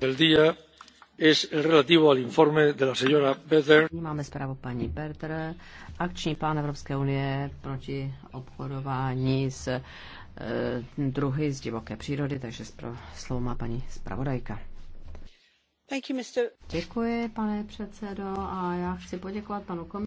del día es el relativo al informe de la señora Máme zprávu paní Better. Akční plán Evropské unie proti obchodování s e, druhy z divoké přírody, takže slovo má paní zpravodajka. Děkuji, pane předsedo, a já chci poděkovat panu komisaři.